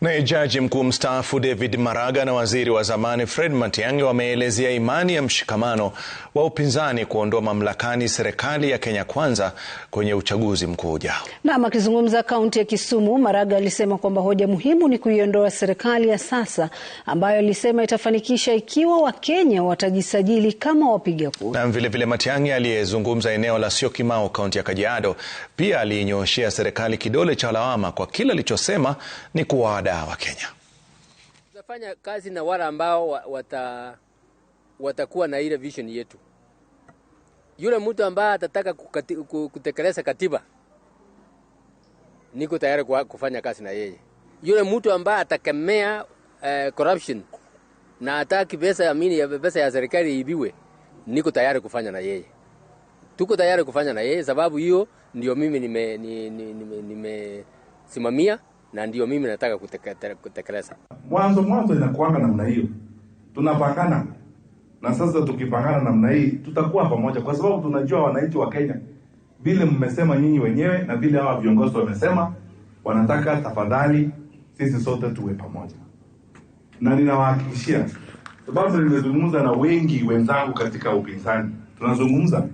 Naye jaji mkuu mstaafu David Maraga na waziri wa zamani Fred Matiang'i wameelezea imani ya mshikamano wa upinzani kuondoa mamlakani serikali ya Kenya Kwanza kwenye uchaguzi mkuu ujao. Naam, akizungumza kaunti ya Kisumu, Maraga alisema kwamba hoja muhimu ni kuiondoa serikali ya sasa ambayo alisema itafanikisha ikiwa Wakenya watajisajili kama wapiga kura. Na vilevile Matiang'i aliyezungumza eneo la Syokimau, kaunti ya Kajiado, pia aliinyooshea serikali kidole cha lawama kwa kila alichosema ni kuwada madawa wa Kenya. Tutafanya kazi na wale ambao wata, watakuwa na ile vision yetu. Yule mtu ambaye atataka kutekeleza katiba niko tayari kufanya kazi na yeye. Yule mtu ambaye atakemea uh, corruption na ataki pesa ya pesa ya serikali ibiwe, niko tayari kufanya na yeye. Tuko tayari kufanya na yeye, sababu hiyo ndio mimi nimesimamia nime, nime, nime, nime na ndio mimi nataka kutekeleza. Mwanzo mwanzo inakuanga namna hiyo, tunapangana na sasa. Tukipangana namna hii, tutakuwa pamoja, kwa sababu tunajua wananchi wa Kenya vile mmesema nyinyi wenyewe na vile hawa viongozi wamesema, wanataka tafadhali, sisi sote tuwe pamoja, na ninawahakikishia, sababu nimezungumza na wengi wenzangu katika upinzani, tunazungumza